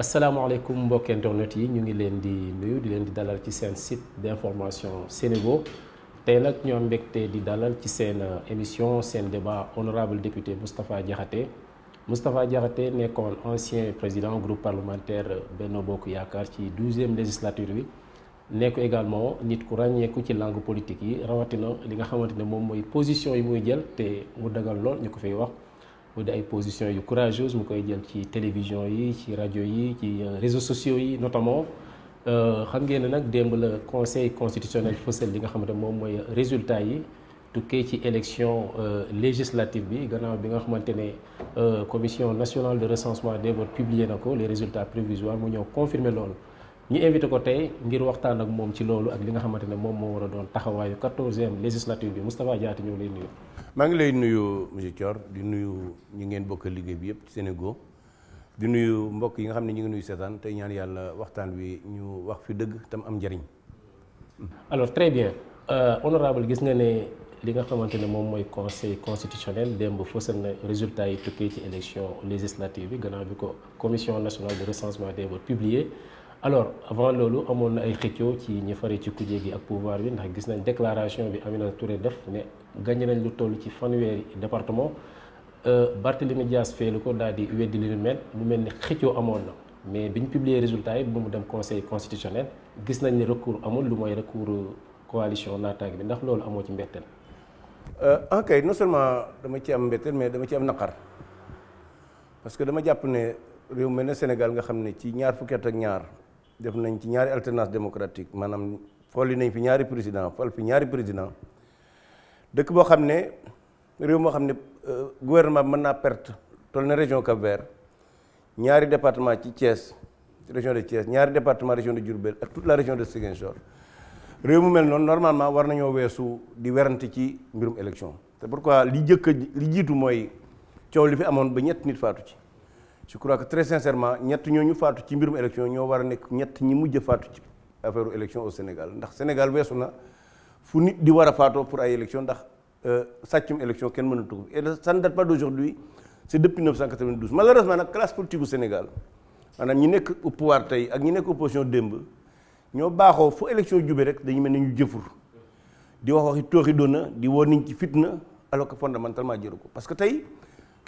asalaamaaleykum mbokki internet yi ñu ngi leen di nuyu di leen di dalal ci seen site d'information Sénégo tey nag ñoo mbégte di dalal ci seen euh, émission seen débat honorable député Moustapha Diakhaté Moustapha Diakhaté nekkoon ancien président groupe parlementaire euh, Benno Bokk Yaakaar ci douzième législature bi nekk également nit ku ràññeeku ci langue politique yi rawatina li nga xamante ne moom mooy position yi muy jël te mu dagal lool ñu ko fay wax. mu di ay positions yu courageuses mu koy jël ci télévision yi ci rajo yi ci euh, réseaux sociaux yi notamment euh, xam ngeen nag démb la conseil constitutionnel fësal li nga xamante moom mooy résultat yi tukkee ci élection euh, législative bi gannaaw bi nga xamante ne commission nationale de recensement des votes na ko le résultat provisoires mu ñëw confirmer loolu ñu invité ko tey ngir waxtaan ak moom ci loolu ak li nga xamante ne moom moo war a doon taxawaayu quatorzième législature bi Moustapha Diatta ñoo lay nuyu. maa ngi lay nuyu monsieur di nuyu ñi ngeen bokk liggéey bi yëpp Sénégal di nuyu mbokk yi nga xam ne ñu ngi nuyu seetaan tey ñaan yàlla waxtaan wi ñu wax fi dëgg tam am njëriñ. alors très bien euh, honorable gis nga ne li nga xamante ne moom mooy conseil constitutionnel démb fësal na résultat yi tukkee ci élection législative bi gannaaw bi ko commission nationale de recensement des votes publié. alors avant loolu amoon na ay xëccoo ci ñi fari ci kujje gi ak pouvoir bi ndax gis nañ déclaration bi Aminata Touré def ne gagné nañ lu toll ci fanweeri département euh, Barthélemy Dias feelu ko daal di weddi li nu mel mu mel ni xëccoo amoon na mais bi ñu publier résultat yi ba mu dem conseil constitutionnel gis nañ ni recours amul lu mooy recours euh, coalition naataange bi ndax loolu amoo ci mbetteel. Euh, ok non seulement dama ci am mbetteel mais dama ci am naqar parce que dama jàpp ne réew mel ne Sénégal nga xam ne ci ñaar fukki ñaar. def nañ ci ñaari alternance démocratique maanaam folli nañ fi ñaari président fol fi ñaari président dëkk boo xam ne réew moo xam ne euh, gouvernement bi mën naa perte toll na région Cap-Vert ñaari departement ci Thiès région de Thiès ñaari département région de Diourbel ak toute la région de Ziguinchor réew mu mel noonu normalement war nañoo weesu di werante ci mbirum élection c'est pourquoi li jëkk li jiitu mooy coow li fi amoon ba ñett nit faatu ci je crois que très sincèrement ñett ñooñu faatu ci mbirum élection ñoo war a nekk ñett ñi mujj faatu ci affaire élection au Sénégal ndax Sénégal weesu na fu nit di war a faatoo pour ay élection ndax euh, sàccum élection kenn mënatu ko et ça ne date pas d'aujourd'hui c'est depuis 1992 malheureusement nag classe politique bu Sénégal maanaam ñi nekk au pouvoir tey ak ñi nekk opposition démb ñoo baaxoo fu élection jube rek dañu mel ni ñu jëfur di wax waxi tooxi doona di woo nit ci fitna alors que fondamentalement jëru ko parce que tey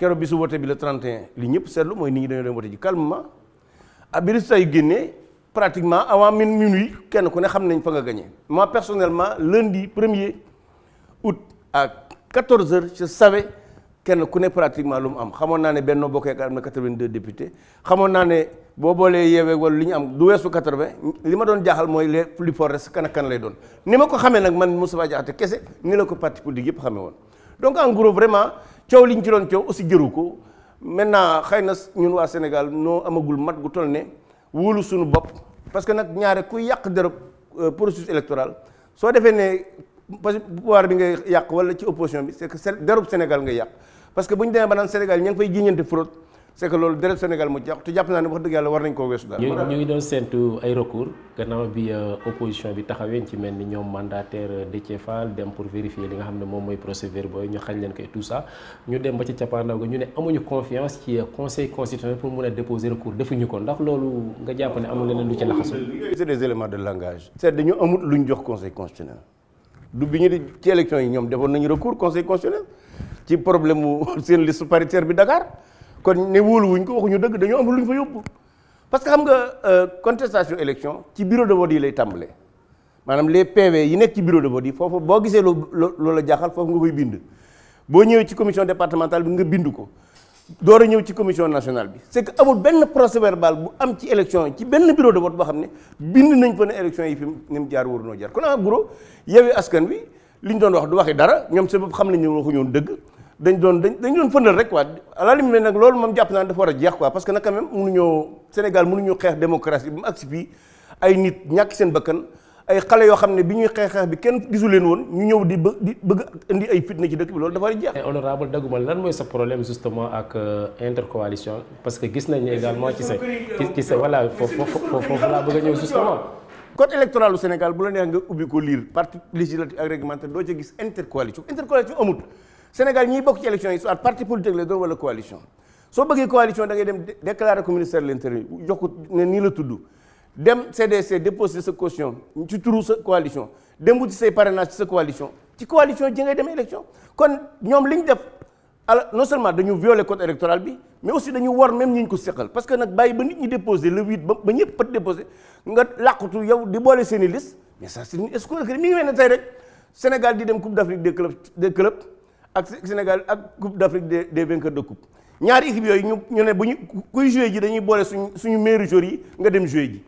keroog bisu wote bi le 31 li ñëpp seetlu mooy nit ñi dañoo dem wote ji calmement ah bi résultat pratiquement avant min minuit kenn ku ne xam nañ fa nga gagné moi personnellement lundi premier août à 14 kenn ku ne pratiquement lu mu am xamoon naa ne Benno Bokk Yaakaar am na 82 députés xamoon naa ne boo boolee yeewee wala li ñu am du weesu 80 li ma doon jaaxal mooy les plus forts restes kan kan lay doon ni ma ko xamee nag man Moustapha Diakhaté kese ni la ko parti politique yëpp xamee woon donc en gros vraiment coow liñ ci doon coow aussi jëru ko maintenant xëy na ñun waa Sénégal noo amagul mat gu toll ne wóolu suñu bopp parce que nag ñaare kuy yàq dërëb euh, processus électoral soo defee ne parce que pouvoir bi ngay yàq wala ci opposition bi c'est que dërëb Sénégal ngay yàq parce que bu ñu demee ba naan Sénégal ña ngi fay jiiñante fraude c'est que loolu deret Sénégal mu jàpp te jàpp naa ne wax dëgg yàlla war nañ koo weesu daal. ñu ngi doon séntu ay recours gannaaw bi euh, opposition bi taxawee ci mel ni ñoom mandataire euh, Déthié Fall dem pour vérifier li nga xam ne moom mooy procès-verbal ñu xañ leen koy tout ça ñu dem ba ci cappaandaw ga ñu ne amuñu confiance ci euh, conseil constitutionnel pour mun a déposer recours defuñu ko ndax loolu nga jàpp ne amul leneen lu ci laxasu. c'est des éléments de langage. c'est dañu amul luñ jox conseil constitutionnel du bi ñu di ci élection yi ñoom defoon nañu recours conseil constitutionnel ci problème mu seen liste paritaire bi Dakar. kon ne wóoluwuñ ko waxuñu dëgg dañoo am lu fa yóbbu parce que xam nga euh, contestation élection ci bureau de vote yi lay tàmbalee maanaam les PV yi nekk ci bureau de vote yi foofu boo gisee loo loo la jaaxal foofu nga koy bind boo ñëwee ci commission départementale bi nga bind ko door a ñëw ci commission nationale bi c'est que amul benn procès verbal bu am ci élection yi ci benn bureau de vote boo xam ne bind nañ fa ne élection yi fi ni jaar waru noo jaar kon en gros Yewwi Askan Wi li ñu doon wax du waxi dara ñoom sa bopp xam nañ ne waxuñu woon dëgg dañ doon dañ dañ doon fëndal rek quoi à la limite nag loolu moom jàpp naa dafa war a jeex quoi parce que nag quand même Sénégal mënuñu xeex démocratie ba mu agsi fii ay nit ñàkk seen bakkan ay xale yoo xam ne bi ñuy xeex xeex bi kenn gisu leen woon ñu ñëw di bë di bëgg indi ay fitna ci dëkk bi loolu dafa war a jeex. Eh, honorable dagguma lan mooy sa problème justement ak euh, intercoalition parce que gis nañu également ci sa ci sa voilà foofu foofu laa bëgg a ñëw justement. code bu la neex nga ubbi doo ca gis intercoalition Sénégal ñiy bokk ci élection yi soit parti politique la doon wala coalition soo bëggee coalition da dem déclarer ko ministère de l'intérieur jox ko ne nii la tudd dem CDC déposer sa caution ci turu sa coalition dem wuti say parrainage ci sa coalition ci coalition ji ngay dem élection kon ñoom li ñu def alors non seulement dañu violer code électoral bi mais aussi dañu wor même ñu ñu ko parce que nag bàyyi ba nit ñi déposer le 8 ba ba pat déposer di boole seen i liste mais ça di dem Coupe d'Afrique des clubs des ak Sénégal ak coupe d'Afrique des des vainqueurs de coupe ñaari équipe yooyu ñu ñu ne bu ñu kuy joué ji dañuy boole suñu suñu meilleurs joueurs yi nga dem joué ji.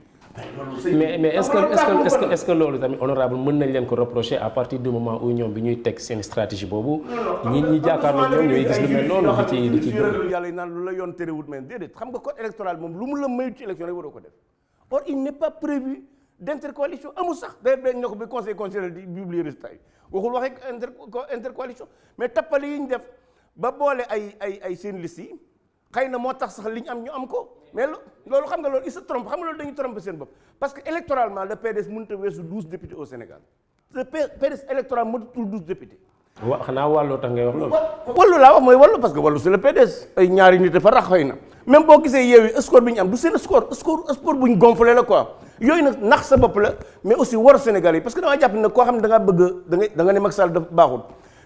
mais mais est-ce que est-ce que est-ce que loolu tamit honorable mën nañ leen ko reprocher à partir du moment où ñoom bi ñuy teg seen stratégie boobu ñi ñi jàkkaarloo ñoom ñooy gis lu mel noonu di ci di ci gën yàlla yi naan lu la yoon terewul mais déedéet xam nga code électoral moom lu mu la mayu ci élection rek waroo ko def or il n'est pas prévu d'intercoalition amul sax day dañ ne ko bi conseil constitutionnel di publier résultat yi waxul waxee rek inter intercoalition mais tappale yi ñu def ba boole ay ay ay seen liste yi xëy na moo tax sax liñ am ñu am ko mais loolu xam nga loolu il se trompe xam nga loolu dañu trompe seen bopp parce que électoralement le PDS mënut a weesu douze députés au Sénégal le PDS électoral mënatul douze députés. wa xanaa wàllu tax ngay wax loolu. wàllu laa wax mooy wàllu parce que wàllu c'est le PDS ay ñaari nit dafa rax na même boo gisee yeewi score bi ñu am du seen score score score bu ñu gonflé la quoi yooyu nag nax sa bopp la mais aussi war Sénégal yi parce que damaa jàpp ne koo xam ne da ngaa bëgg da nga da nga ne Macky Sall dafa baaxul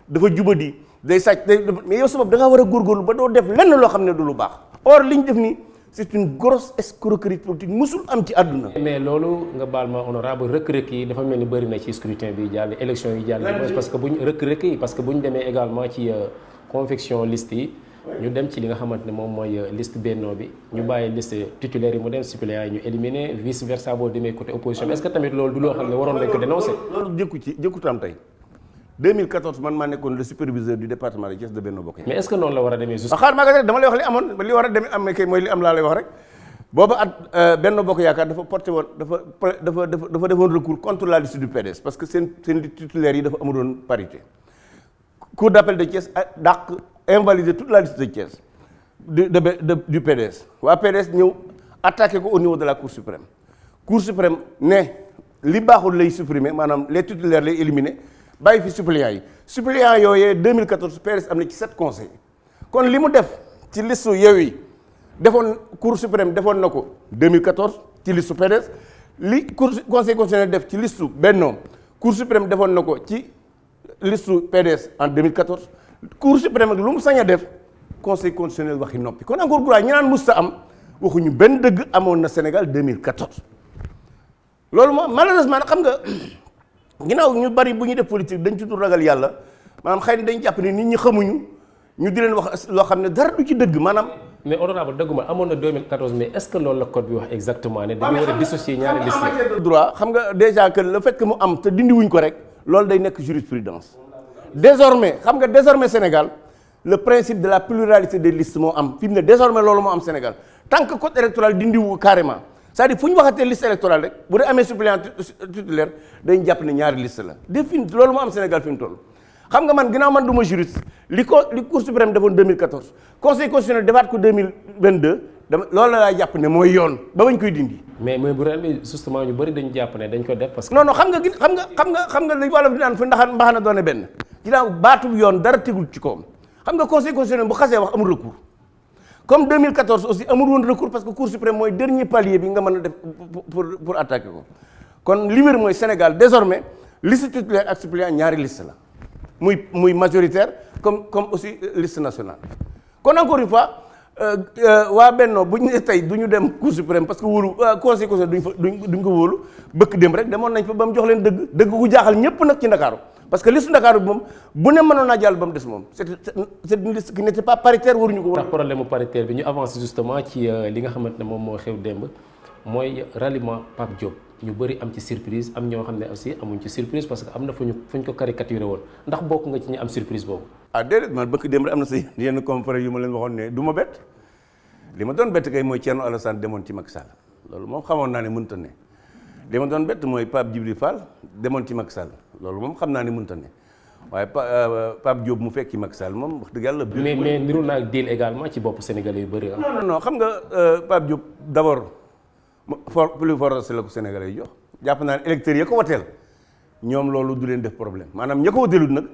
dafa jubadi day sàcc day mais yow sa bopp da war a góorgóorlu ba doo def lenn loo xam ne du lu baax or li c'est une grosse escroquerie politique musul am ci àdduna. mais loolu nga baal ma honorable rëkk-rëkk yi dafa mel ni bëri na ci scrutin bi jàll élection yi jàll. parce que buñ rëkk-rëkk yi parce que buñ demee également ci euh, confection liste yi. ñu dem ci li nga xamante ne moom mooy euh, liste bennoo bi ñu bàyyi liste titulaire yi mu dem suppléant yi ñu éliminer vice versa boo demee côté opposition bi est-ce que tamit loolu du loo xam ne waroon nañ ko dénoncer. loolu jëkku ci jëkku tam tey. 2014 man maa nekkoon le superviseur du département de de Benno Bokk. mais est-ce que noonu la war a demee. Ah, xaar maa ngi dama lay wax li war a demee am kay mooy li euh, Yaakaar dafa porté woon dafa dafa dafa defoon recours contre la liste du que seen seen titulaire yi dafa amuloon parité. cour d'appel de la liste de de, de, de du ñëw attaqué ko au niveau de la cour suprême cour suprême ne li baaxul lay supprimer maanaam les titulaires lay éliminer. bàyyi fi suppléants yi suppléants yooyee 2014 PDS am na ci sept conseils kon li mu def ci listu Yewwi defoon cour suprême defoon na ko 2014 ci listu PDS li cour conseil constitutionnel def ci listu Benno cour suprême defoon na ko ci listu PDS en 2014 cour suprême lu mu sañ a def conseil constitutionnel waxi noppi kon encore gura ñi naan musta am waxuñu benn dëgg amoon na Sénégal 2014 mille moom malheureusement xam nga. ginnaaw ñu bari bu ñu def politique dañ ci dul ragal yàlla maanaam xëy na dañ jàpp ne nit ñi xamuñu ñu di leen wax loo xam ne dara du ci dëgg maanaam. mais honorable dëgguma amoon na 2014 mais est-ce que loolu la code bi wax exactement ne dañu war a dissocier ñaari liste droit xam nga déjà que le fait que mu am te dindiwuñ ko rek loolu day nekk jurisprudence désormais xam nga désormais Sénégal le principe de la pluralité des listes moo am fi mu ne désormais loolu moo am Sénégal tant que code électoral dindiwu carrément c'est-à-dire fu ñu waxatee liste électorale rek bu dee amee suppléant titulaire dañ jàpp ne ñaari liste la def fi loolu moo am Sénégal fi toll xam nga man ginnaaw man du ma juriste li ko li cour suprême defoon 2014 conseil constitutionnel defaat ko 2022 dama loolu la jàpp ne mooy yoon ba bañ koy dindi. mais mais bu ren bi justement ñu bëri dañu jàpp ne dañ ko def parce que. non non xam nga gi xam nga xam nga xam nga li wolof di naan fu ndax mbaax na doone benn ginnaaw yoon dara tegul ci kawam xam nga conseil constitutionnel bu xasee wax amul recours. comme 2014 aussi amul woon recours parce que cour suprême mooy dernier palier bi nga mën a def pour pour attaquer ko kon li mooy Sénégal désormais liste titulaire ak suppléant ñaari liste la muy muy majoritaire comme comme aussi liste nationale. kon encore une fois euh, euh, waa Benno bu ñu ne tey du ñu dem cour suprême parce que wóolu euh, conseil constitutionnel duñ fa duñ ko wóolu bëkk dem rek demoon nañ fa ba mu jox leen dëgg dëgg ku jaaxal ñëpp nag ci Ndakaaru parce que liste Ndakaaru bi moom bu ne mënoon naa jàll ba mu des moom c'est c'est une liste qui pas paritaire waruñu ko. ndax problème paritaire bi ñu avancé justement ci euh, li nga xamante ne moom moo xew démb mooy ralliement Pape Diop ñu bëri am ci surprise am ñoo xam ne aussi amuñ ci surprise parce que am na fu ñu fu ñu ko caricaturé woon ndax bokk nga ci ñu am surprise boobu. ah déedéet man bëgg démb am na si yenn confrères yu ma leen waxoon ne du ma ci Macky Sall loolu moom xamoon naa ne mënta ne li ma doon bett mooy Pape Djibril Fall demoon ci Macky Sall loolu moom xam naa ne mënta ne waaye euh, Pape Diop mu fekki Macky Sall moom wax dëgg yàlla. mais mais niru naa deal ci bopp sénégalais yu bëri ah. non xam nga euh, Pape Diop d' abord for plus fort la ko yi jox jàpp naa ne électeurs ya ko wateel ñoom loolu du leen def problème maanaam ña ko wateelut nag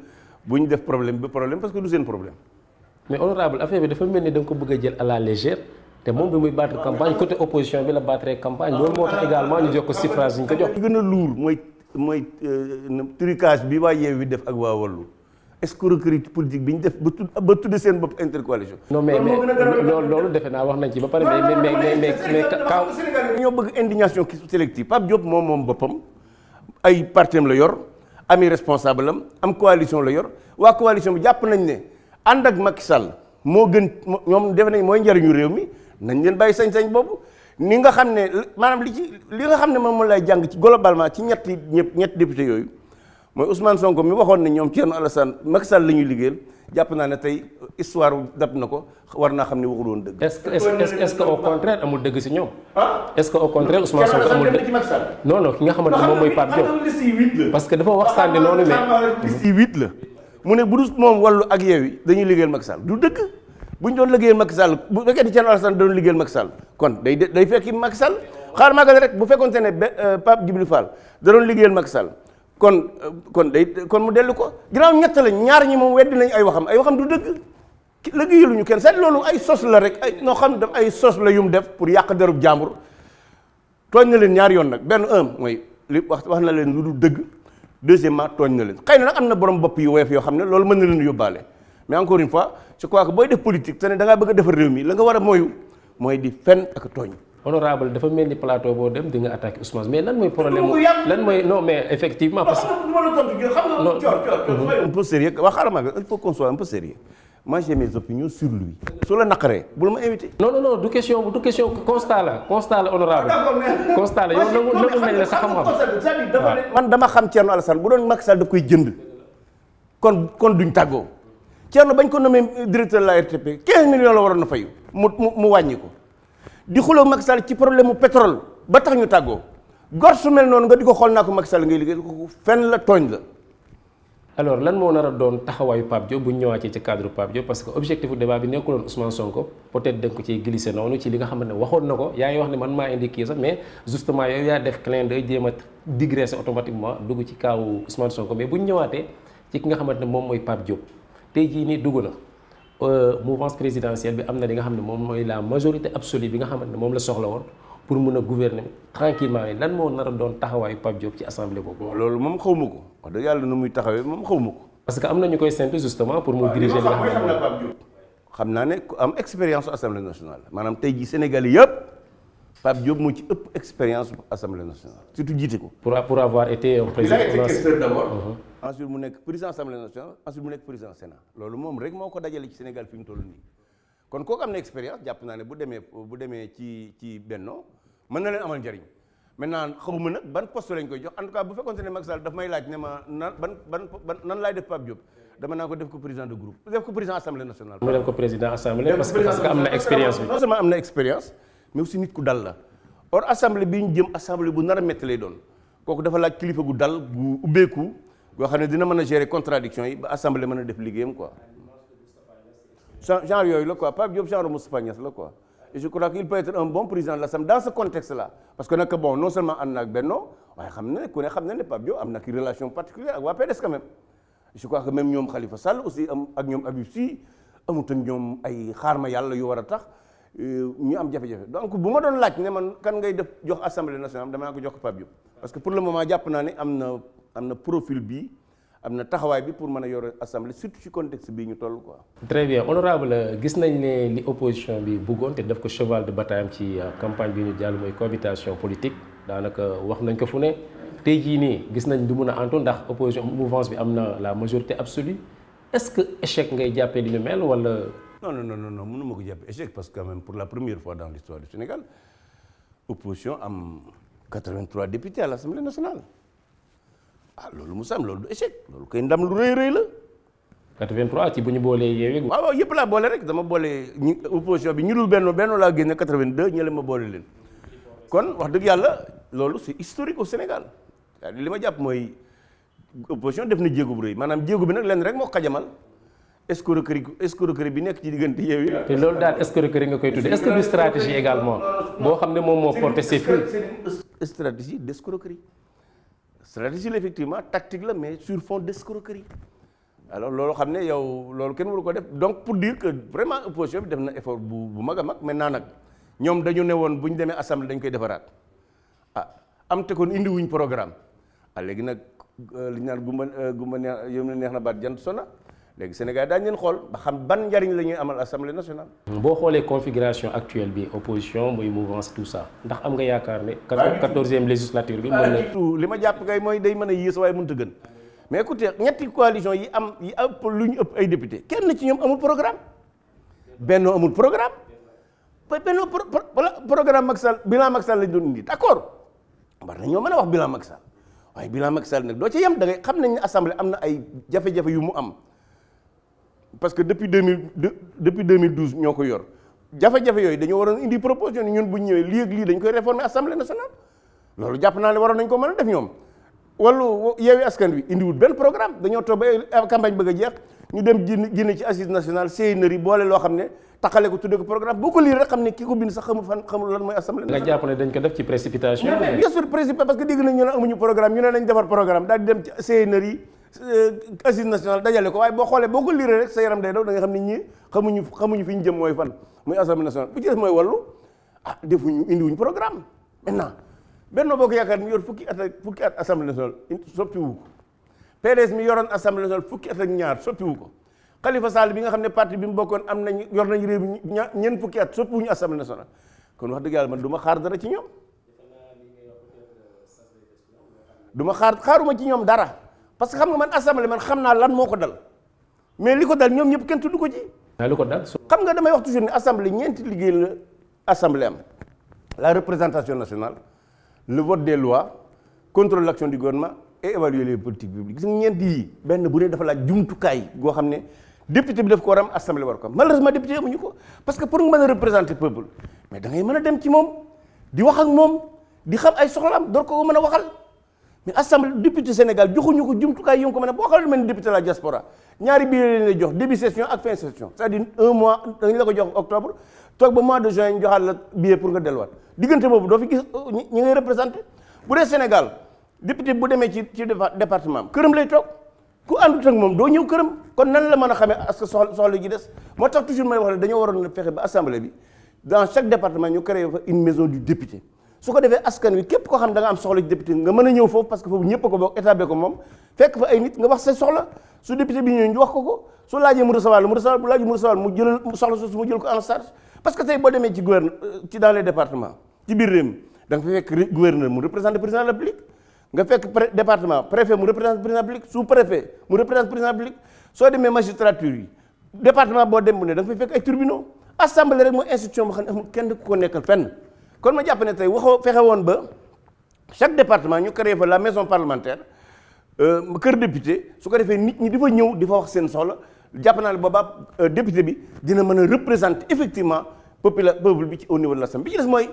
bu ñu def problème bi problème parce que seen problème. mais honorable affaire bi mel ni da nga bëgg a jël à la légère. te moom bi muy battre campagne côté opposition bi la battre campagne loolu moo tax également ñu jox ko suffrage a luur mooy mooy euh, trucage bi waa Yewwi def ak waa Wallu escroquerie politique bi ñu def ba tudd ba tudd seen bopp intercoalition. non mais mais loolu loolu defe naa wax nañ ci ba pare mais mais mais mais mais kaw. ñoo bëgg indignation qui sélective Pape Diop moom moom boppam ay partiem la yor ami responsable am am coalition la yor waa coalition bi jàpp nañ ne ànd ak Macky Sall moo gën ñoom defe nañ mooy njariñu réew mi. nañ leen bàyyi sañ-sañ boobu ni nga xam ne maanaam li ci li nga xam ne moom lay jàng ci globalement ci ñetti ñëpp ñetti député yooyu mooy Ousmane Sonko mi waxoon ne ñoom Thierno Alassane Macky Sall la ñuy liggéeyal jàpp naa ne tey histoire dab na ko war naa xam ne waxul woon dëgg. est-ce que est-ce que au contraire amul dëgg si ñoom. Ah? est-ce que au contraire Ousmane Sonko amul dëgg non non ki nga xamante ne moom mooy Pape Diop parce que dafa wax sànni noonu ne. la mu ne bu dul moom wàllu ak yeewi dañuy liggéeyal Macky Sall du dëgg. bu ñu doon liggéeyal Macky Sall bu fekkee Thierno Alassane doon liggéeyal Macky Sall kon day day fekki Macky Sall a magal rek bu fekkoon ne euh, Pape Djibril Fall da doon liggéeyal Macky Sall kon euh, kon day kon mu dellu ko ginnaaw ñett la ñaar ñi moom weddi nañu ay waxam ay waxam du dëgg liggéeyalu ñu kenn seet loolu ay sos la rek ay noo xam ne ay sos la yum def pour yàq derub jàmbur na leen ñaar yoon nag benn un mooy li wax wax na leen lu du dëgg deuxièmement tooñ na leen xëy na nag am na borom bopp yu woyof yoo xam ne loolu mën na leen yóbbaale mais encore une fois je crois que booy def politique te ne da bëgg a defar réew mi la nga war a moyu mooy di fen ak tooñ. honorable dafa mel ni plateau boo dem di nga attaqué Ousmane mais lan mooy problème lan mooy non mais effectivement. parce que wax xaaral ma il faut qu'on soit un peu sérieux moi j'ai mes opinions sur lui. su la naqaree bul du question du question constat la constat la honorable constat la yow nangu sa xam man dama xam Thierno Alassane bu doon Macky Sall da koy jënd kon kon duñ tàggoo. Thierno bañ ko nommé directeur de la RTP 15 millions la waroon na fayu mu mu mu wàññi ko di xuloo Macky Sall ci problème mu ba tax ñu tàggoo gor su mel noonu nga di ko xool naa ko Macky Sall ngay liggéey ko fenn a doon taxawaayu Pape bu ñu ñëwaatee ci cadre Pape Diop parce que objectif bu débat bi nekkuloon Ousmane Sonko peut-être da nga ko ciy glissé noonu ci li nga waxoon na ko yaa ngi wax ne man maa indi kii sax mais justement yooyu yaa def clin d'œil jéem dugg ci kaawu Ousmane Sonko mais bu ñu ñëwaatee ci ki nga xamante ne moom mooy Pape jo tey jii nii dugg na euh, mouvance présidentielle bi am na li xam ne moom mooy la majorité absolue bi nga xamante ne moom la soxla woon pour mun a gouverner tranquillement yi lan moo nar doon taxawaayu Pape Diop ci assemblée boobu. loolu moom xaw ma ko wax dëgg yàlla na muy taxawee moom xaw ma ko. parce que am na ñu koy séntu justement pour mu diriger nga xam naa ne ku am expérience assemblée nationale maanaam tey jii Sénégal yëpp Pape Diop moo ci ëpp expérience assemblée nationale surtout jiite ko. pour pour avoir ensuite mu nekk président assemblée nationale ensuite mu nekk président sénat loolu moom rek moo ko dajale ci mu toll nii kon kooku am na expérience jàpp naa ne bu demee bu demee ci ci Benno mën na leen amal njëriñ maintenant xamuma nag ban poste lañ koy jox en tout cas bu fekkoon ne Macky Sall daf may laaj ma nan ban ban nan laay naa ko def ko président de groupe def am na expérience bi. non seulement am na expérience mais aussi nit ku dal la or assemblée bi ñu jëm assemblée bu nar a métti lay doon kooku dafa laaj kilifa gu dal gu ubbeeku. goo xam ne dina mën a gérer contradiction yi ba assemblée mën a def liggéeyam quoi genre yooyu la quoi Pape Diop genre Moustapha Niass la quoi et je crois qu'il peut être un bon président de non seulement ànd naag Benno waaye xam na ne ku ne xam na ne Pape am na ki relation particulière ak waa PDS quand même je crois que même ñoom Khalifa Sall aussi am ak ñoom Habib Sy amut ak ay xaar ma yàlla yu war a tax euh, ñu am jafe-jafe donc bu ma doon laaj ne man kan ngay def jox assemblée nationale damaa ko jox Pape Diop parce que pour naa ne am na am na profil bi am na taxawaay bi pour mën a yor assemblée surtout ci contexte bii ñu toll quoi. très bien honorable gis nañ ne li opposition bi bëggoon te def ko cheval de bataille am ci euh, campagne bi ñu jàll mooy cohabitation politique daanaka wax nañ ko fu ne tey jii nii gis nañ du mun a antu ndax opposition mouvance bi am na la majorité absolue est-ce que échec ngay jàppee li ñu mel wala. non non non non mënu ma ko jàppee échec parce que quand pour la première fois dans l'histoire du Sénégal opposition am 83 députés à l'Assemblée nationale. ah loolu mu sam loolu du échec loolu koy ndam lu rëy rëy la. 83 bu ñu boolee yeewee. waaw waaw yëpp laa boole rek dama boole ñi opposition bi ñu dul benn benn laa génne 82 ñële ma boole leen. kon wax dëgg yàlla loolu c'est historique au Sénégal li ma jàpp mooy opposition def na jéego bu rëy maanaam jéego bi nag leen rek moo xajamal escroquerie escroquerie bi nekk ci diggante yeewi. te loolu daal escroquerie nga koy tuddee est-ce que du stratégie également boo xam ne moom moo porté ses fruits. stratégie d'escroquerie. stratégie la effectivement tactique la mais sur fond d'escroquerie alors loolu xam ne yow loolu kenn waru ko def donc pour dire que vraiment opposition def na effort bu bu mag a mag nag ñoom dañu ne woon bu ñu demee assemblée dañ koy defaraat ah am te kon indiwuñ programme ah léegi nag euh, li ñu naan gumba euh, gumba neex yom na neex na baat jant sona léegi Sénégal daañu leen xool ba xam ban njariñ la ñuy amal assemblée nationale. boo xoolee configuration actuelle bi opposition muy mouvance tout ça ndax am nga yaakaar ne. quatorzième législature bi. mën na li ma jàpp kay mooy day mën a yées waaye mënut a gën. mais écoutez ñetti coalition yi am yi ëpp lu ñu ëpp ay député kenn ci ñoom amul programme Benno amul programme Benno programme Macky Sall maxal Macky Sall lañ doon indi d' accord war na ñoo mën a wax bilan Macky Sall waaye bilan Macky Sall nag doo ci yem da ngay xam nañ ne assemblée am na ay jafe yu mu am. parce que depuis deux mille depuis deux mille douze ñoo ko yor jafe-jafe yooyu dañoo waroon indi proposition ñun bu ñëwee lii ak lii dañ koy réformer assemblée nationale loolu jàpp naa ne waroon nañ ko mën a def ñoom wallu yeewi askan wi indiwul benn programme dañoo toog ba campagne bëgg a jeex ñu dem génn génn ci assise nationale séenari boole loo xam ne taxale ko tudde programme boo ko lii rek xam ne ki ko bind sax xamul fan xamul lan mooy Euh, assise nationale dajale ko waaye boo xoolee boo ko lire rek sa yaram day daw da nga xam ne ñi xamuñu xamuñu fi ñu jëm mooy fan muy assemblée nationale bu ci des mooy wàllu ah defuñu indiwuñu programme benn Benno Bokk Yaakaar mi yor fukki at ak fukki at assemblée nationale soppiwu ko PDS mi yoroon assemblée nationale fukki at ak ñaar soppiwu ko Khalifa Sall bi nga xam ne parti bi mu bokkoon am nañ yor nañ réew mi ñeent fukki at soppiwuñu assemblée nationale kon wax dëgg yàlla man du ma xaar dara ci ñoom du xaar xaaruma ci ñoom dara parce que xam nga man assemblée man xam naa lan moo ko dal mais li ko dal ñoom ñëpp kenn tudd ko ci. li ko dal xam nga damay wax toujours ne assemblée ñeenti liggéey la assemblée am la représentation nationale le vote des lois contrôle l'action du gouvernement et évaluer les politiques publiques gis nga ñeenti benn bu ne dafa la jumtukaay goo xam ne député bi daf ko war am war ko am ma député amuñu ko parce que pour nga mën a représenter mais da ngay mën a dem ci moom di ak moom di xam ay soxlaam door ko mën a waxal. mais assemblée député Sénégal joxuñu ko jumtukaay yu ko mën boo xam ne député la diaspora ñaari biir leen lay jox début session ak fin session c'est-à-dire la jox octobre toog ba mois de juin ñu la nga delluwaat diggante boobu doo fi gis euh, ñi ngay représenté bu dee Sénégal député bu demee ci ci département am këram lay toog ku àndut ak moom doo ñëw këram kon nan la mën a xamee as soxla soxla ji des moo tax toujours may wax ne dañoo waroon a fexe ba assemblée bi dans chaque département ñu créé fa une maison du député su ko defee askan wi képp koo xam ne da nga am soxla ci député nga mën a ñëw foofu parce que foofu ñëpp ko bokk état ko moom fekk fa ay nit nga wax sa soxla su député bi ñëw ñu wax ko ko su laajee mu recevoir mu recevoir mu recevoir mu euh, président la République nga fekk département préfet mu représenté président de la préfet mu représenté président de soo demee magistrature yi département boo dem bu ne da nga fekk ay tribunaux assemblée rek mooy institution boo kon ma jàpp ne tey waxoo fexe woon ba chaque département ñu créé fa la maison parlementaire euh, kër député su ko defee nit ñi di fa ñëw di fa wax seen soxla jàpp naa ne boobaa euh, député bi dina mën a représenter effectivement popula peuple bi ci au niveau de l'Assemblée bi ci des mooy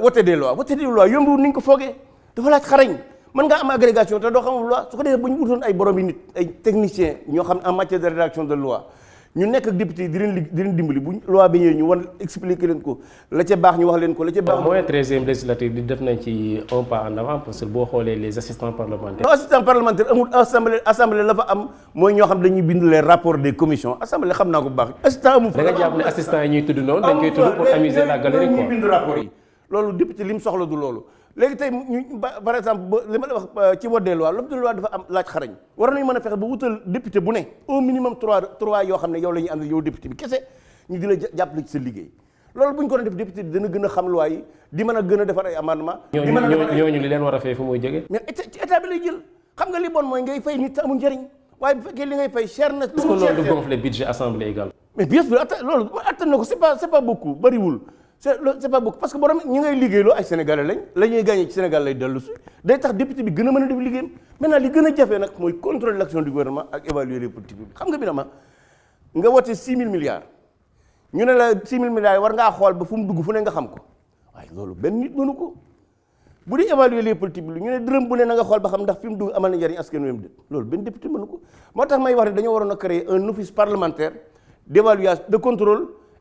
wote euh, des lois wote des lois yomb ni ko foogee dafa laaj xarañ mën ngaa am agrégation te doo xam loi su ko defee bu ñu wutoon ay borom yi nit ay techniciens ñoo xam en matière de rédaction de loi ñu nekk ak député di leen di dimbali bu loi bi ñu wan leen ko la ca baax ñu wax leen ko la ca baax. mooy treizième législative bi def nañ ci un pas en avant parce boo xoolee les assistants parlementaires. assistant parlementaire amul assemblée assemblée la fa am mooy ñoo xam dañuy bind les rapports des commissions xam naa ko baax assistant amul. da nga jàpp ne assistant yi ñuy tudd noonu. dañ koy pour amuser la galerie quoi loolu député li mu soxla loolu. léegi tey ñu par exemple ba li ma la wax euh, ci wàllu loi l'objet de am laaj war nañu mën a fexe ba wutal député bu ne au minimum trois trois yoo xam ne yow yow député bi kese ñu di la jàppale liggéey loolu bu ko doon def député a xam loi yi di mën a gën defar ay amendement. di mën a ñooñu li a fay fu muy jógee. mais ci état bi lay jël xam nga li bon mooy ngay na. lu mu c'est pas c'est bariwul c'est c'est pas beaucoup parce que borom ñi ngay liggéeyloo ay sénégalais lañ la ñuy gagné day tax député bi gën a mën a def liggéeyam maintenant milliards ñu ne la 6000 milliards war ngaa xool ba fu mu dugg fu ne nga xam ko waaye loolu benn ko bu di bu ne na nga xool ba xam ndax fi mu dugg amal na njariñ askan wi loolu benn député mënu ko moo tax may wax ne dañoo waroon a créer un office parlementaire d'évaluation de contrôle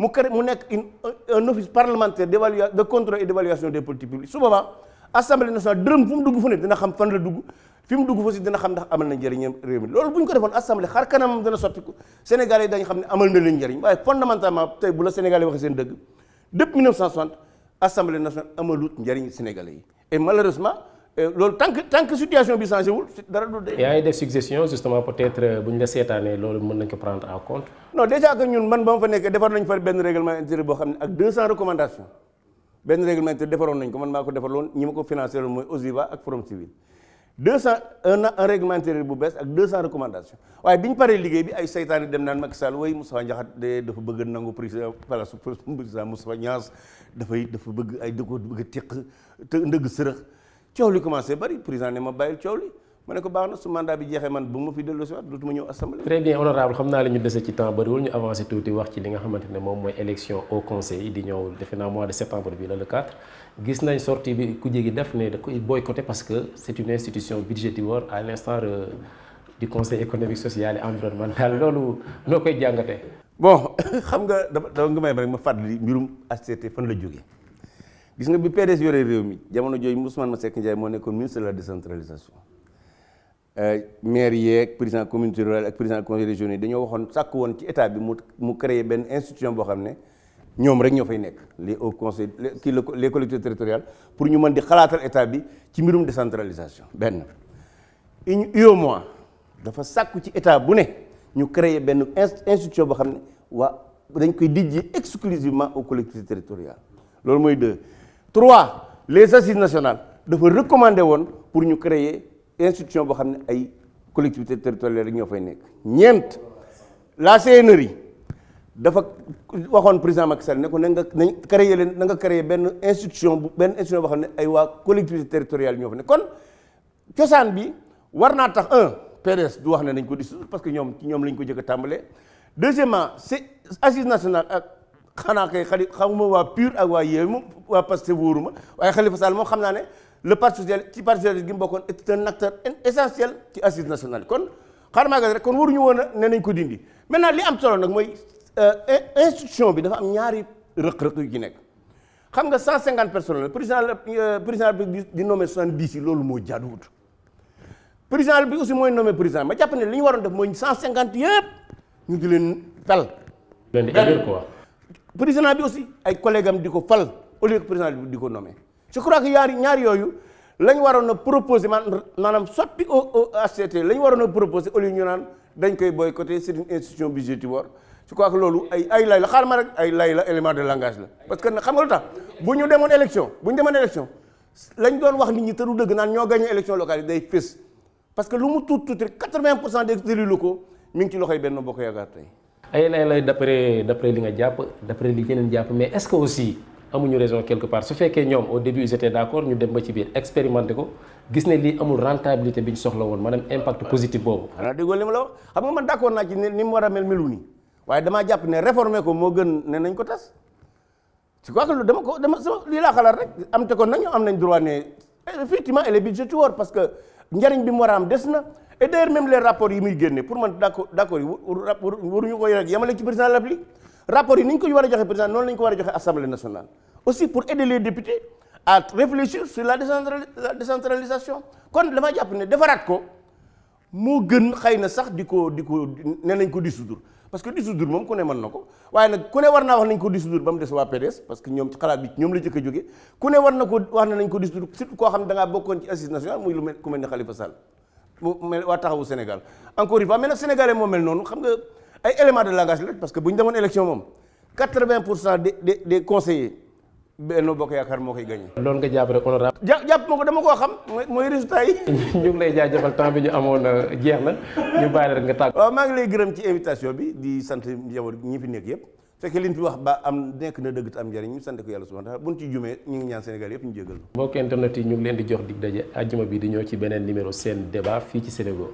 mu créé mu nekk une un office parlementaire d'évaluation de contrôle et d'évaluation des politiques publiques su boobaa assemblée nationale dërëm fu dugg fu ne dina xam fan la dugg fi mu dugg fa si dina xam ndax amal na njëriñam réew mi loolu bu ñu ko defoon assemblée xar kanam dana soppiku sénégalais yi dañu xam ne amal na leen njëriñ waaye fondamentalement tey bu la sénégalais waxee seen dëgg depuis 1960 assemblée nationale amalut njëriñ sénégalais yi et malheureusement Euh, loolu tant que tant que situation bi changé wul dara du dee. yaa ngi def suggestion justement peut-être euh, bu ñu la seetaanee loolu mën nañ ko prendre en compte. non déjà que ñun man ba ma fa nekkee defar nañ fa benn règlement intérieur boo xam ne ak 200 recommandations benn règlement intérieur ko man maa ko defaroon ñi ma ko financé woon mooy OSIVA ak Forum Civil 200 bu bees ak 200 recommandations waaye bi ñu paree liggéey bi ay saytaane dem naan Macky Sall way Moustapha Diakhaté dafa bëgg nangu président palace président Moustapha dafa bëgg ay da ko coow commencé bari président ne ma bàyyil coow li ma ne ko baax na su mandat bi jeexee man bu ma fi dellu si waat dootuma ñëw assemblée. très bien honorable xam naa la ñu dese ci temps bariwul ñu avancé tuuti wax ci li nga xamante ne moom mooy élection au conseil di ñëw defe naa mois de septembre bi la le 4 gis nañ sortie bi ku jégi def ne da koy parce que c' une institution budgétivore à l' instar euh, du conseil économique social et environnemental koy jàngatee. bon xam nga dama dama nga may rek ma fàttali mbirum HCT fan la jógee. gis nga bi PDS yore réew mi jamono jooju Ousmane Masseck Ndiaye moo nekkoon ministre de la décentralisation euh, maire yeeg président communauté rurale ak président conseil régionaux yi dañoo waxoon sàkk woon ci état bi mu mu créer benn institution boo xam ne ñoom rek ñoo fay nekk les hauts conseils kii les collectivités territoriales pour ñu mën di xalaatal état bi ci mbirum décentralisation benn uñ UEMOA dafa sàkku ci état bu ne ñu créer benn institution boo xam ne waa dañ koy dijji exclusivement aux collectivités territoriales loolu mooy deux trois les assises nationales dafa recommandé woon pour ñu créer institution boo xam ne ay collectivité territoriale rek ñoo fay nekk ñeent la CNRI dafa waxoon président Macky Sall ne ko na nga nañ créer leen na nga créer benn institution bu benn institution boo xam ne ay waa collectivité territoriale ñoo fa nekk kon cosaan bi war naa tax un PDS du wax ne nañ ko di parce que ñoom ñoom lañ ko jëkk a tàmbalee deuxièmement c'est assise nationale xanaa kay xali xamuma waa PUR ak waa Yewwi moom waa Pastef wóoru ma waaye Khalifa Sall moom xam naa ne le parti socialiste ci parti socialiste gi mu bokkoon est essentiel ci assise nationale kon xaaral maa rek kon waruñu woon a ne nañ ko dindi maintenant li am solo nag mooy euh, institution bi dafa am ñaari rëq-rëq yu ci nekk xam nga cent personnes la président euh, président bi di nommé 70 yi loolu moo jaaduwut président bi aussi mooy nommé président ma jàpp ne li ñu waroon def mooy 150 yëpp ñu di leen tal. leen di président bi aussi ay collègue am di ko fal au lieu que bi di ko nommé je crois que yaari ñaar yooyu la ñu waroon a proposé maanaam soppi au HCT la ñu waroon a proposé au lieu ñu naan dañ koy boycotté c'est une institution budgétivore je crois que loolu ay ay lay la xaaral ma rek ay lay élément de langage la parce que xam nga lu tax bu ñu demoon élection bu ñu demoon élection lañ doon wax nit ñi te du dëgg naan ñoo gagné élection locale yi day fës parce que ngi ci loxoy Benno Bokk Yaakaar tey ay lay lay d'après d'après li nga jàpp d'après li ñeneen jàpp mais est-ce aussi amuñu raison quelque part su fekkee ñoom au début ils étaient d'accord ñu dem ba ci biir expérimenté ko gis ne lii amul rentabilité bi ñu soxla woon maanaam impact positif boobu. ma la wax xam nga man d'accord naa ci ni mu war a mel melu nii waaye damaa jàpp ne réformer ko moo gën ne nañ ko tas je crois que lu dama ko dama sama lii laa xalaat rek am te kon nag am nañ droit ne effectivement elle est budgétivore parce que njariñ bi mu war a am des na. et d'ailleurs même les rapports yi muy génne pour man d'accord d'accord waruñu ko rek yemale ci président de la yi ni ko war a joxe président noonu la ko war a joxe assemblée nationale aussi pour aider les députés à réfléchir sur la décentralisation kon dama jàpp ne defaraat ko moo gën xëy na sax di ko di ko ne nañ ko dissoudre parce que dissoudre moom ku ne mën na ko waaye ku ne war naa wax nañ ko dissoudre ba mu des waa PDS parce que ñoom ci mel waa taxawu Sénégal encore une fois mais nag sénégalais moo mel noonu xam nga ay éléments de langage la parce que bu ñu demoon élection moom 80 pour cent des des des conseillers Benno Bokk Yaakaar moo koy gagné. loolu nga jàpp rek honorable. jà jàpp ma ko dama koo xam mooy mooy résultat yi. ñu ngi lay jaajëfal temps bi ñu amoon euh, jeex na ñu bàyyi la rek nga tàgg. waaw maa ngi lay gërëm ci invitation bi di sant yow ñi fi nekk yëpp. fekkee liñ fi wax ba am nekk na dëgg te am njëriñ ñu sant ko yàlla subhanahu wa taala buñ ci jumee ñu ngi ñaan Sénégal yëpp ñu jégal mbokk internet yi ñu ngi leen di jox dig daje àjjuma bi di ñëw ci beneen numéro seen débat fii ci Sénégal